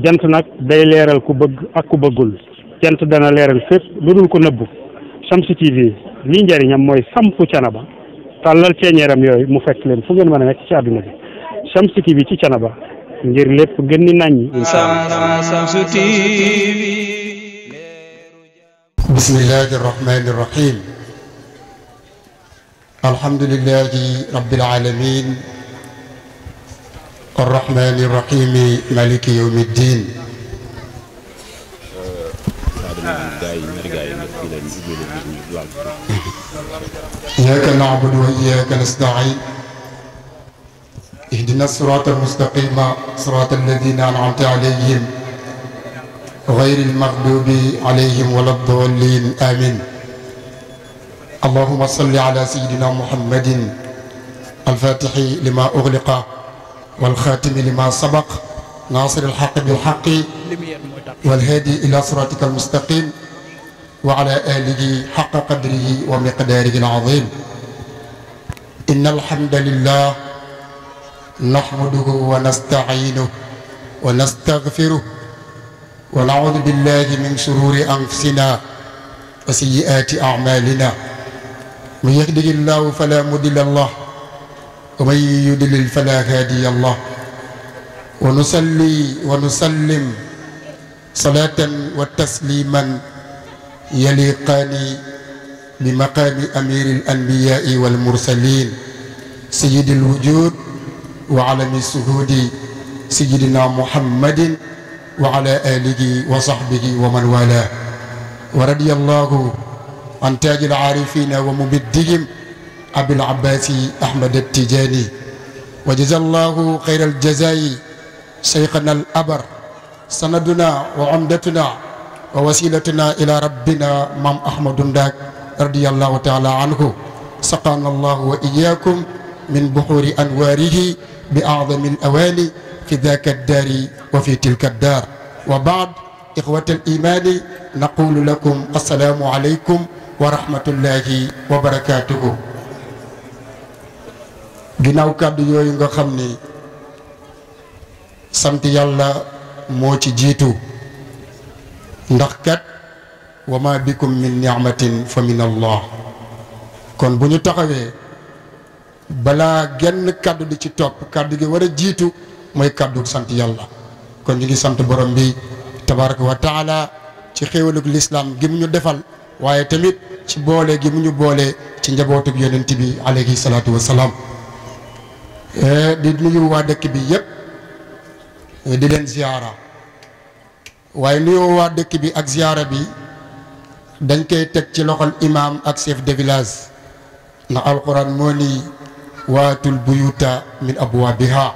jant nag day leeral ku bëgg ak ku bëggul jant dana leeral fépp lu dul ko nëbbu Shamsu TV li njëriñam mooy sampu canaba tàllal ceeñeeram yooyu mu fekk leen fu ngeen mën a nekk ci àdduna bi Shamsu TV ci canaba ngir lépp gën ni naññ Shamsu bismillahi arrahmani irrahim alhamdulillahi rabbil alamin الرحمن الرحيم مالك يوم الدين إياك نعبد وإياك نستعين اهدنا الصراط المستقيم صراط الذين أنعمت عليهم غير المغضوب عليهم ولا الضالين آمين اللهم صل على سيدنا محمد الفاتح لما أغلق والخاتم لما سبق ناصر الحق بالحق والهادي إلى صراطك المستقيم وعلى آله حق قدره ومقداره العظيم إن الحمد لله نحمده ونستعينه ونستغفره ونعوذ بالله من شرور أنفسنا وسيئات أعمالنا من يهده الله فلا مضل له ومن يدلل فلا هادي الله ونصلي ونسلم صلاة وتسليما يليقان بمقام أمير الأنبياء والمرسلين سيد الوجود وعلم السهود سيدنا محمد وعلى آله وصحبه ومن والاه ورضي الله عن تاج العارفين ومبدهم أبي العباس أحمد التجاني وجزا الله خير الجزاء شيخنا الأبر سندنا وعمدتنا ووسيلتنا إلى ربنا مام أحمد داك رضي الله تعالى عنه سقانا الله وإياكم من بحور أنواره بأعظم الأواني في ذاك الدار وفي تلك الدار وبعد إخوة الإيمان نقول لكم السلام عليكم ورحمة الله وبركاته ginnaaw kàddu yooyu nga xam ni sant yàlla moo ci jiitu ndax kat wa ma bikum min ni'matin fa min allah kon bu ñu taxawee balaa genn kàddu di ci topp kàddu gi war a jiitu mooy kàddu sant yàlla kon ñu ngi sant borom bi tabaraka wa taala ci xéewalug lislaam gi mu ñu defal waaye tamit ci boole gi mu ñu boole ci njabootug yonent bi alayhi salaatu wa salaam Eh, di nuyu waa dëkk bi yëpp eh, di leen ziyaara waaye nuyu waa dëkk bi ak ziyaara bi dañ koy teg ci loxol imaam ak chef de village ndax alquran moo ni waatul buyuta min abwaabiha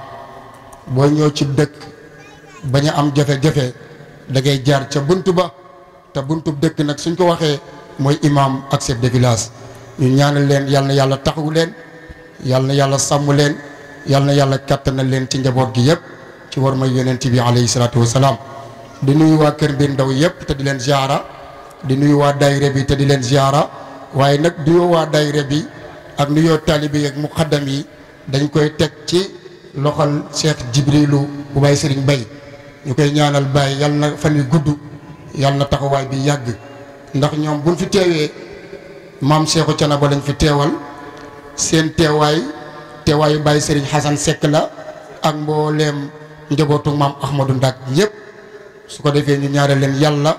boo ñëw ci dëkk bañ a am jafe-jafe da jaar ca bunt ba te buntu dëkk nag suñ ko waxee mooy imaam ak chef de ñu ñaanal leen yal yàlla taxawu leen yal yàlla sàmm leen yal na yàlla kattanal leen ci njaboot gi yëpp ci war may yonent bi alayhi salaatu wasalaam di nuyu waa kër Mbir Ndaw yëpp te di leen ziara di nuyu waa daayira bi te di leen ziara waaye nag nuyoo waa daayira bi ak nuyoo taalibe yi ak muqaddam yi dañ koy teg ci loxol Cheikh Jibrilu bu Baye Serigne Baye ñu koy ñaanal Baye yal na fan yi gudd yal na taxawaay bi yàgg ndax ñoom buñ fi teewee maam Cheikhou Thiénaba lañ fi teewal seen teewaay teewaayu Baye Serigne Xasan Seck la ak mbooleem njabootu maam Ahmadou Ndak yëpp su ko defee ñu ñaare leen yàlla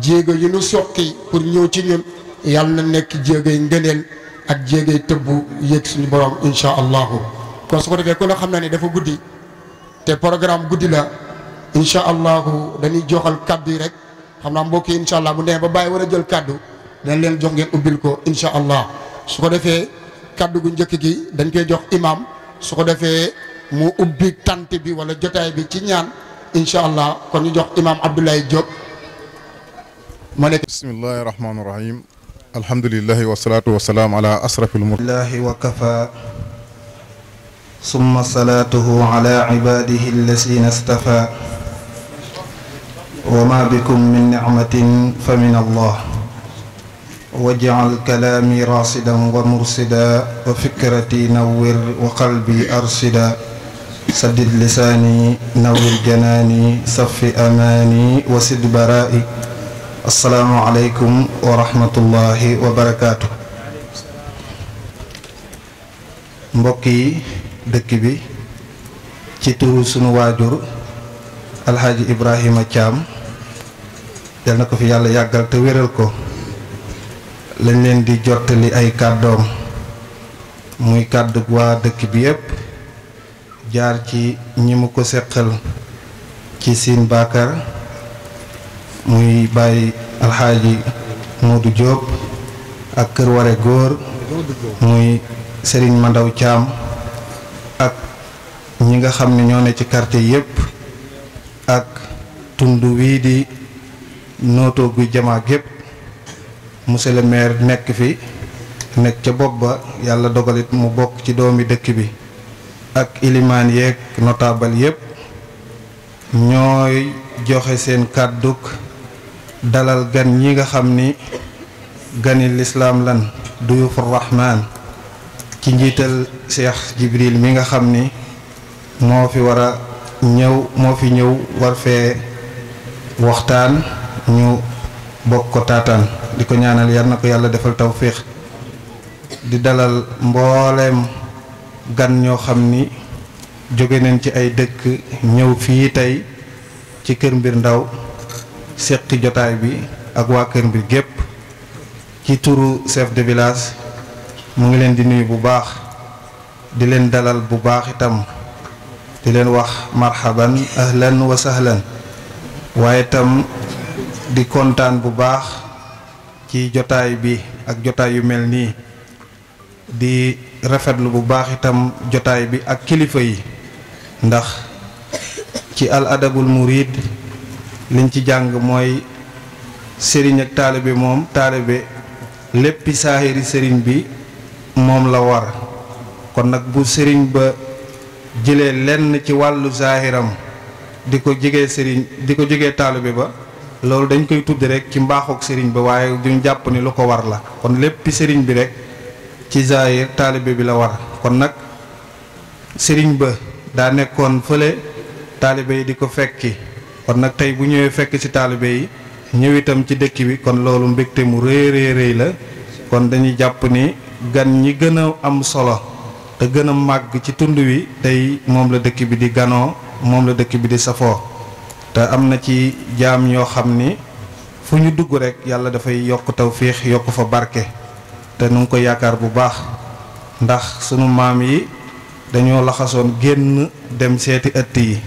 jéego yu nu soqi pour ñëw ci ñun yàlla na nekk jéegay ngëneel ak jéegay tëbbu yéeg suñu borom incha allahu kon su ko defee ku ne xam na ni dafa guddi te programme guddi la incha allahu dañuy joxal kaddu yi rek xam naa mbokk yi incha allah bu demee ba bàyyi war a jël kàddu dañ leen jox ngeen ubbil ko incha allah su ko defee. kaddu gu njëkk gi dañ koy jox imam su ko defee mu ubbi tant bi wala jotaay bi ci ñaan incha allah kon ñu jox imam Abdoulaye Diop moo nekk bismillahi rahmaani rahim alhamdulilahi wasalaatu wasalaam ala asrafil mursalin wa kafa summa salaatuhu ala ibadihi allasina stafa wa ma bikum min nicmatin fa min allah واجعل كلامي راصدا ومرصدا وفكرتي نور وقلبي أرصدا سدد لساني نور جناني صف أماني وسد برائي السلام عليكم ورحمة الله وبركاته mbokki dëkk bi ci turu sunu waajur alxaaji Ibrahima Thiam yal na ko fi yàlla yàggal te wéral ko lañ leen di jottali ay kàddoom muy kàddu waa dëkk bi yépp jaar ci ñi mu ko seqal ci siin Bakar muy bàyyi alxaaji Modou Diop ak kër ware góor muy sëriñ Mandaw Thiam ak ñi nga xam ni ñoo ne ci quartier yépp ak tund wii di nootoo gu jamaa gépp monsieur le maire nekk fi nekk ca bopp ba yàlla dogalit mu bokk ci doomi dëkk bi ak ilimaan yeeg notable yépp ñooy joxe seen kàdduk dalal gan ñi nga xam ni gani lislaam lan duyufu rahmaan ci njiital Cheikh Jibril mi nga xam ni moo fi war a ñëw moo fi ñëw war fee waxtaan ñu bokk ko taataan di ñaanal yar nako yalla defal tawfiq di dalal mbollem gan ño xamni joge nañ ci ay dekk ñew fi tay ci kër mbir ndaw sekti jotaay bi ak wa kër mbir gep ci turu chef de village mu ngi leen di nuyu bu baax di leen dalal bu baax itam di leen wax marhaban ahlan wa sahlan waye tam di kontan bu baax ci jotaay bi ak jotaay yu mel nii di rafetlu bu baax itam jotaay bi ak kilifa yi ndax ci al adabul murid liñ ci jàng mooy sëriñ ak taalibe moom taalibe léppi saahiri sëriñ bi moom la war kon nag bu sëriñ ba jële lenn ci wàllu saahiram di ko jege sëriñ di ko jege taalibe ba loolu dañ koy tudd rek ci mbaaxook sëriñ bi waaye duñ jàpp ni lu ko war la kon lépp sëriñ bi rek ci zaahir taalibe bi la war kon nag sëriñ ba daa nekkoon fële taalibe yi di ko fekki kon nag tey bu ñëwee fekk ci taalibe yi ñëw itam ci dëkk bi kon loolu mbégte mu rëy rëy rëy la kon dañuy jàpp ni gan ñi gën a am solo te gën a màgg ci tund wi tey moom la dëkk bi di ganoo moom la dëkk bi di safoo te am na ci jaam yoo xam ni fu ñu dugg rek yàlla dafay yokk tawfiix yokk fa barke te nu ko yaakaar bu baax ndax sunu maam yi dañoo laxasoon génn dem seeti ëtt yi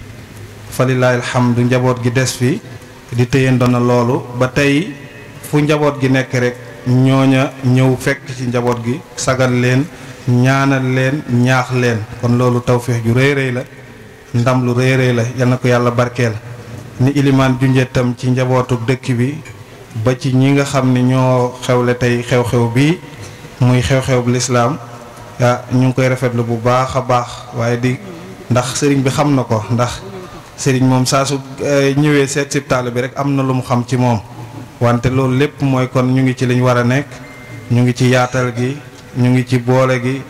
xam du njaboot gi des fi di téyandoo na loolu ba tey fu njaboot gi nekk rek ñooña ñëw fekk ci njaboot gi sagan leen ñaanal leen ñaax leen kon loolu tawféex ju rëy rëy la ndam lu rëy rëy la yal na ko yàlla barkeel ni ilimaan junjee tam ci njabootu dëkk bi ba ci ñi nga xam ni ñoo xewle tey xew-xew bii muy xew-xew bu lislaam ah ñu ngi koy rafetlu bu baax a baax waaye di ndax sëriñ bi xam na ko ndax sëriñ moom saa su eh, ñëwee seet si bi rek am na lu mu xam ci moom wante loolu lépp mooy kon ñu ngi ci liñ war a nekk ñu ngi ci yaatal gi ñu ngi ci boole gi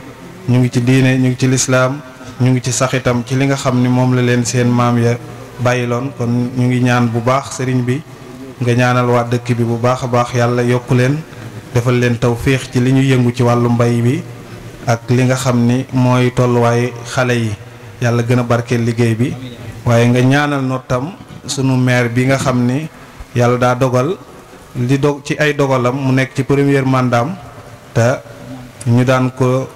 ñu ngi ci diine ñu ngi ci lislaam ñu ngi ci sax itam ci li nga xam ni moom la leen seen maam ya bayilon kon ñu ngi ñaan bu baax sëriñ bi nga ñaanal wa dëkk bi bu baax baax yalla yokku leen defal leen tawféex ci li ñu yëngu ci walu mbay bi ak li nga xamni moy tollu way xalé yi yalla gëna a liggéey bi waye nga ñaanal no tam sunu maire bi nga xamni yalla da dogal li dog ci ay dogalam mu nekk ci premier mandam ta ñu daan ko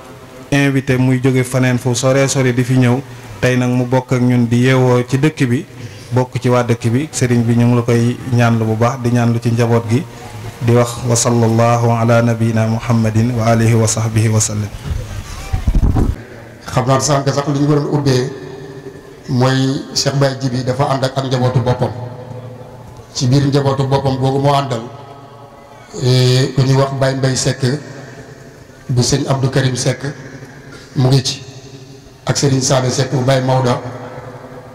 invité muy joggé fanen fo sore sore di fi ñew tey nag mu bokk ak ñun di yeewoo ci dëkk bi bokk ci waa dëkk bi sëriñ bi ñu ngi la koy ñaanlu bu baax di ñaanlu ci njaboot gi di wax wa sallallahu ala nabiyina muhammadin wa alihi wa sahbihi wa sallam xam naa sànq sax li ñu waroon ubbee mooy Cheikh Baye Jibi dafa ànd ak njabootu boppam ci biir njabootu boppam boobu moo àndal eh, ku ñuy wax Baye Mbaye Seck bu sëñ Abdou Karim Seck mu ngi ci ak Serigne Sabe Seck bu Baye Maodo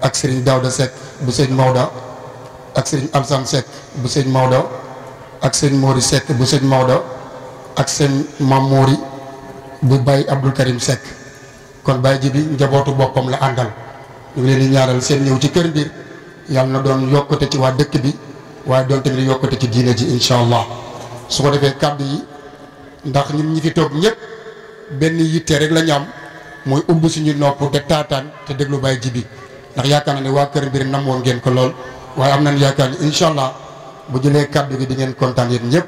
ak Serigne Daouda Seck bu sëñ Maodo ak Serigne Amsam Seck bu sëñ Maodo ak seen Mori Seck bu sëñ Maodo ak sëñ Mam Mori bu Baye Abdou Karim sekk kon Baye ji bi njabootu boppam la àndal ñu leen di ñaaral seen ñëw ci kër biir yàlla na doon yokkute ci waa dëkk bi waaye doon tamit yokkute ci diine ci incha allah su ko defee kàddu yi ndax ñun ñi fi toog ñëpp benn yitte rek la ñam moy umbu suñu nopp de taataan te deglu Baye Jibi ndax yaakaar na ne wa keur bi nam won ngeen ko lol way am nañ yaakaar ni bu jëlee kàddu bi di ngeen kontaan yeen ñep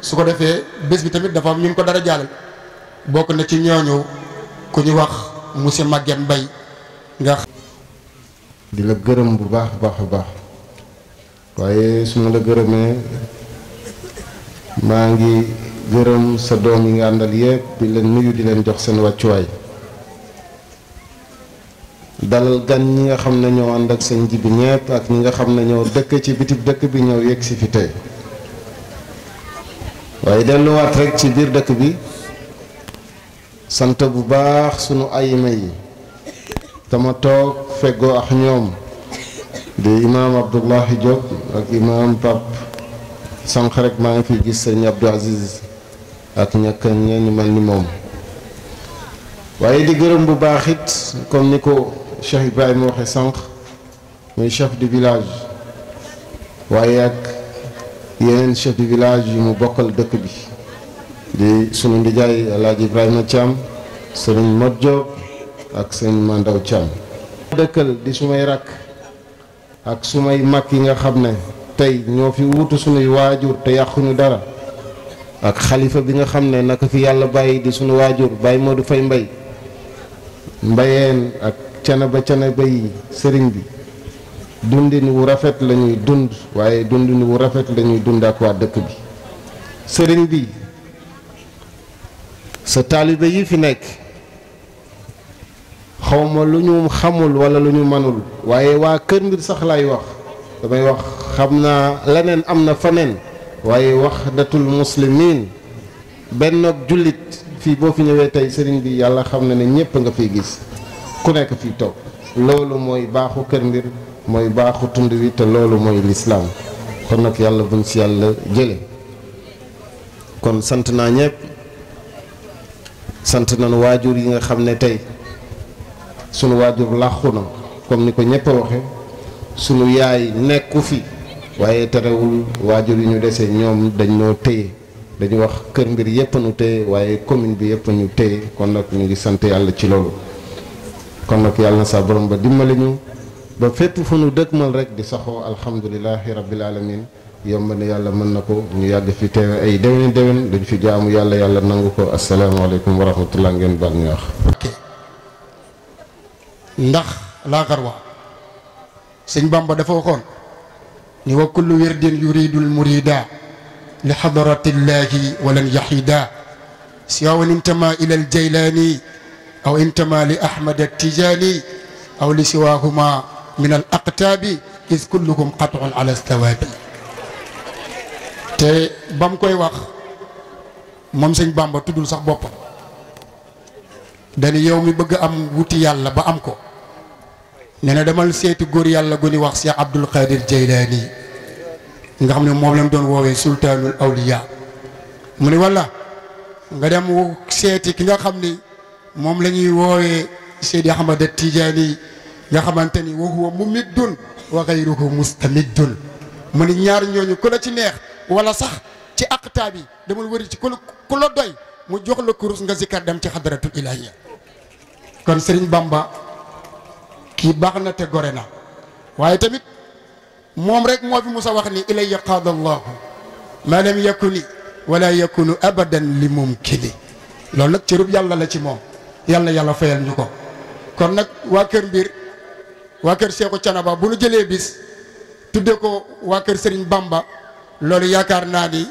su ko defee bés bi tamit dafa am ñu ko dara jaalal bokku na ci ñooñu ku ñu wax monsieur Maguette bay nga di la gërëm bu baax baax baax waye su ma la gërëmee maangi ngi sa doom yi nga andal yépp di leen nuyu di leen jox seen way dalal gan ñi nga xam ne ñoo and ak sëñ ji ñepp ak ñi nga xam ne ñoo dekk ci bitib dekk bi ñoo yek ci fi way delu wat rek ci bir dekk bi sante bu baax suñu ayima yi dama tok fego ak ñoom di Imam Abdullah job ak Imam pap sank rek ma ngi fi gis sëñ Abdou Aziz ak ñak ñee ñu ni di gërëm bu baax comme niko Cheikh Ibrahima waxe sànq muy chef de village waaye ak yeneen chef de village yu mu bokkal dëkk bi di sunu ndijaay Alaaji Ibrahima Thiam sëriñ Modou Diop ak sëriñ Mandaw Thiam dëkkal di sumay rakk ak sumay mag yi nga xam ne tey ñoo fi wuutu sunuy waajur te yàquñu dara ak xalifa bi nga xam ne naka fi yàlla bàyyi di sunu waajur bàyyi Modou Faye Mbaye mbayeen ak canaba canaba yi sëriñ bi dundin wu rafet la dund waaye dundin wu rafet la ñuy dund ak waa dëkk bi sëriñ bi sa taalibe yi fi nekk xawma lu ñu xamul walla lu ñu mënul waaye waa Kër Mbir sax laay wax damay wax xam naa leneen am na faneen waaye wax waxdatul muslimin benn jullit fii boo fi ñëwee tey sëriñ bi yàlla xam na ne ñépp nga fiy gis ku nekk fii toog loolu mooy baaxu kër mbir mooy baaxu tund wi te loolu mooy lislaam kon nag yàlla buñ si yàlla jële kon sant naa ñëpp sant nañu waajur yi nga xam ne tey sunu waajur làqu na comme ni ko ñëpp a waxe sunu yaay nekku fi waaye terewul waajur yi ñu desee ñoom dañ noo téye dañu wax kër mbir yëpp ñu téye waaye commune bi yëpp ñu téye kon nag ñu ngi sant yàlla ci loolu kon nag yàlla na sa borom ba dimbali ñu ba fépp fu nu dëkkmal rek di saxoo alhamdulilahi rabbil alamin yomb na yàlla mën na ñu yàgg fi teewe ay déwéni déwén duñ fi jaamu yàlla yàlla nangu ko asalaamaaleykum wa rahmatullah ngeen baal ñu wax ndax laaxar wa sëñ bamba dafa waxoon ni wa kullu wirdin yuridul murida li xadaratillahi walan yahida siwa intama ila al jaylani أو انتمى لأحمد التجاني أو لسواهما من الأقتاب إذ كلكم قطع على الثواب te bam koy wax moom sëñ Bamba tuddul sax boppam dañu yow mi bëgg am wuti yàlla ba am ko nee na demal seeti góor yàlla gu ni wax Cheikh Abdul Qadir Jeylaani nga xam ne moom lañ doon woowee sultaanul awliya mu ni walla nga dem seeti ki nga xam ni moom la ñuy woowee Seydi Ahmad Tijaani nga xamante ni wa huwa mumiddun wa gayruhu mustamiddun mu ni ñaar ñooñu ku la ci neex wala sax ci aqtaab yi damul wëri ci ku ku la doy mu jox la kurus nga zikkar dem ci xadratul ilahia kon Sëriñ bàmba kii baax na te gore na waaye tamit moom rek moo fi musa wax ni ilayya qaada allahu ma lam yakuni wala yakunu abadan li mumkini loolu nag cërub yàlla la ci moom yal na yàlla fayal ñu ko kon nag waa kër mbir waa kër Seexu Canaba bu nu jëlee bis tuddee ko waa kër Sëriñ Bamba loolu yaakaar naa ni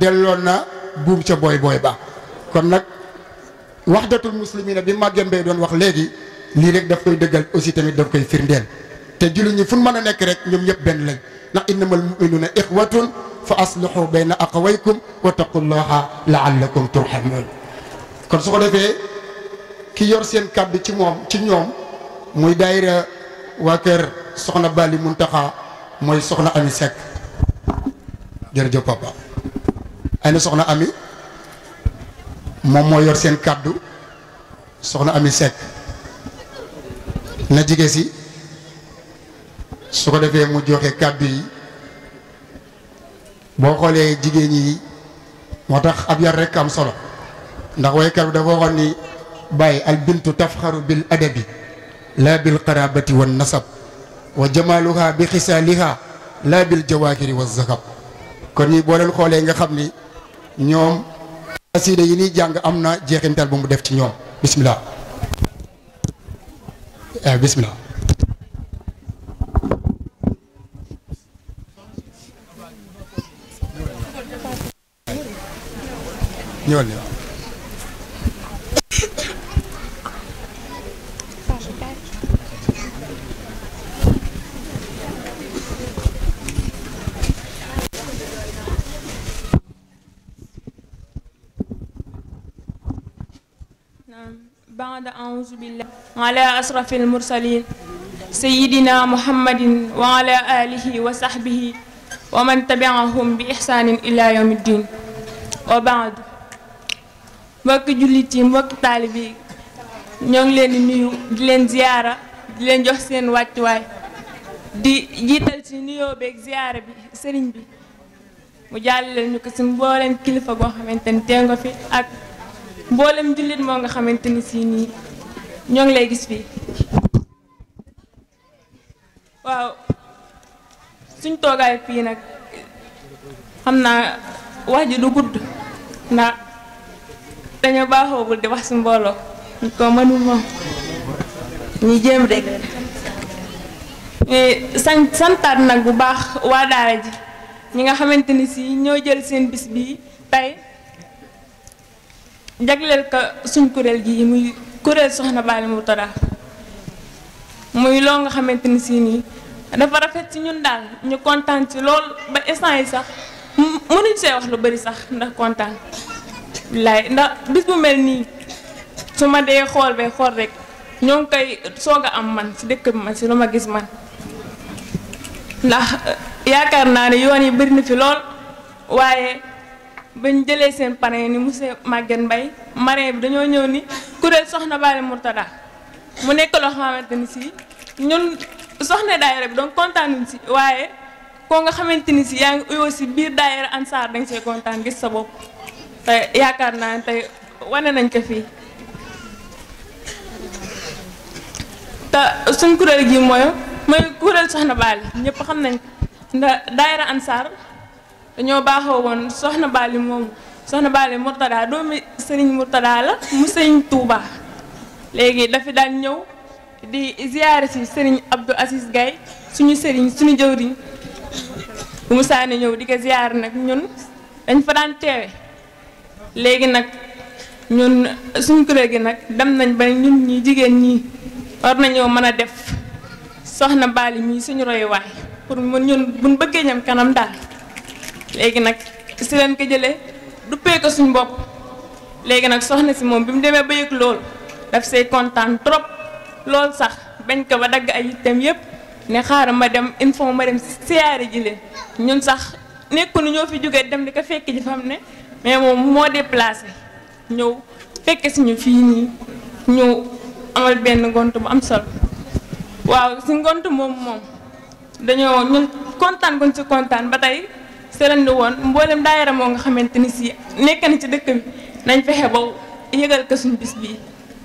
delloon na buum ca booy booy ba kon nag waxdatul muslimina bi Maguette Mbaye doon wax léegi lii rek daf koy dëggal aussi tamit daf koy firndeel te jullit ñi fu mën a nekk rek ñoom ñëpp benn lañ ndax innamal mu'minuna ixwatun fa aslihu bayna aqawaykum wa taqullaha laallakum turhamun kon su ko defee ki yor seen kàddu ci moom ci ñoom muy daayira waa kër soxna Bali Muntaxa mooy soxna Ami jërëjëf papa ay soxna Ami moom moo yor seen kàddu soxna Ami na jige si su ko defee mu joxe kàddu yi boo xoolee jigéen ñi moo tax ab yar rekk am solo ndax waykat bi dafa waxoon bàyyi albintu tafxaru bil adabi laa bil qarabati wan nasab wa jamaaluha bi xisaaliha laa bil jawaahiri wa zakab kon ñi boo leen xoolee nga xam ni ñoom xasida yi ñuy jàng am na jeexintal bu mu def ci ñoom bismillah ah bismillah بعد أعوذ بالله على أشرف المرسلين سيدنا محمد وعلى آله وصحبه ومن تبعهم بإحسان إلى يوم الدين وبعد وك جليتي وك طالبي نيغ لين نيو دي لين زياره دي لين جوخ سين واتي واي دي جيتال سي نيو بك زياره بي سيرين بي مو جال لين نكو سي مبولن كليفا بو خامتاني تيغو في اك mboolem julit mo nga xamanteni si ni ñong lay gis fi waaw suñ togaay fi nak xamna waji du gudd dañu baaxo baaxoogul di wax su mbolo ko manu mo jëm rek e, san santaat nag bu baax wa daara ji ñi nga xamanteni si ñoo jël seen bis bi jagleel ko suñ kuréel gi muy kuréel soxna Baali Moutara muy loo nga xamante ni si nii dafa rafet ci ñun daal ñu kontaan si lool ba instant yi sax mënuñ see wax lu bari sax ndax kontaan bilaay ndax bis bu mel nii su ma dee xool ba xool rek ñoo ngi koy soog a am man si dëkk bi man ci lu ma gis man ndax yaakaar naa ne yoon yi bari na fi lool waaye bañ jëlee seen parrain ni mu monsieur Maguette mbay marraine bi dañoo ñëw ni kuréel soxna Bally Mourtada mu nekk loo xamante ni si ñun soxna daayira bi donc kontaan si waaye koo nga xamante ni si yaa ngi uyoo si biir daayira Ansar dañ see kontaan gis sa bopp te yaakaar naa ne tey wane nañ ko fii te suñ kuréel gi mooy mooy kuréel soxna Bally ñëpp xam nañ ko ndax daayira Ansar dañoo baaxoo woon soxna Bali moomu soxna Bali Mourtada doomi sëriñ Mourtada la mu sëriñ tuubaa léegi dafi daan ñëw di ziyaare si sëriñ Abdou Aziz Gaye suñu sëriñ suñu jëwriñ bu mu ñëw di ko ziyaare nag ñun dañ fa daan teewe léegi nag ñun suñu kuréel gi nag dem nañ ba ñun ñi jigéen ñi war nañoo mën a def soxna Bali mii suñu royuwaay pour mun ñun buñ bëggee ñam kanam daal léegi nag si leen ko jëlee duppee ko suñ bopp léegi nag soxna si moom bi mu demee ba yëg lool daf say kontaan trop lool sax bañ ko ba dagg ay itam yëpp ne xaar ma dem il faut ma dem siyaare ji leen ñun sax nekkunu ñoo fi jógee dem di ko fekk ji fam ne mais moom moo déplacé ñëw fekk suñu fii nii ñëw amal benn ngont bu am solo waaw si ngont moom moom dañoo ñun kontaan guñ si kontaan ba tey sërënd woon mboolem daayira moo nga xamante ni si nekk na ci dëkk bi nañ fexe ba yëgal ko bis bii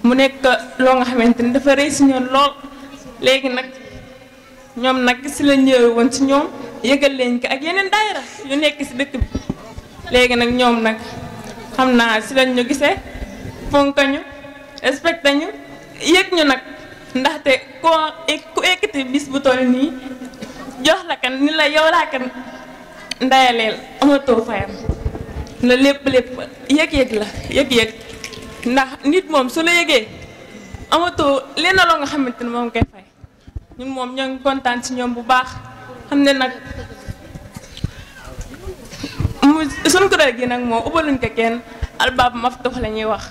mu nekk loo nga xamante ni dafa rëy si ñoom lool léegi nag ñoom nag si la ñëwee woon si ñoom yëgal leen ko ak yeneen daayira yu nekk si dëkk bi léegi nag ñoom nag xam naa si lañ ñu gisee fonk ñu respecté ñu yëg ñu nag ndaxte koo ku ekkati bis bu toll nii jox la kan ni la yow laa ndayaleel amatoo fayam la lépp lépp yëg-yëg la yëg-yëg ndax nit moom su la yëgee amatoo lenn loo nga xamante ni moom koy fay ñun moom ñoo ngi kontaan si ñoom bu baax xam ne nag mu suñ kuréel gi nag moom ubbaluñ ko kenn albaab maftuux la ñuy wax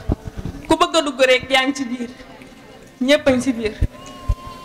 ku bëgg dugg rek yaa ngi ci biir ñëpp a ci biir.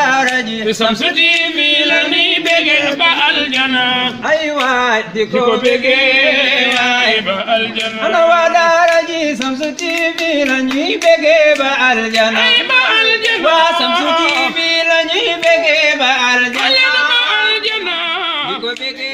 daara ji bisam su tv la ni bégee ay waay di ko bégee waay ba aljana ana waa daara ji samsu tv ay ba aljana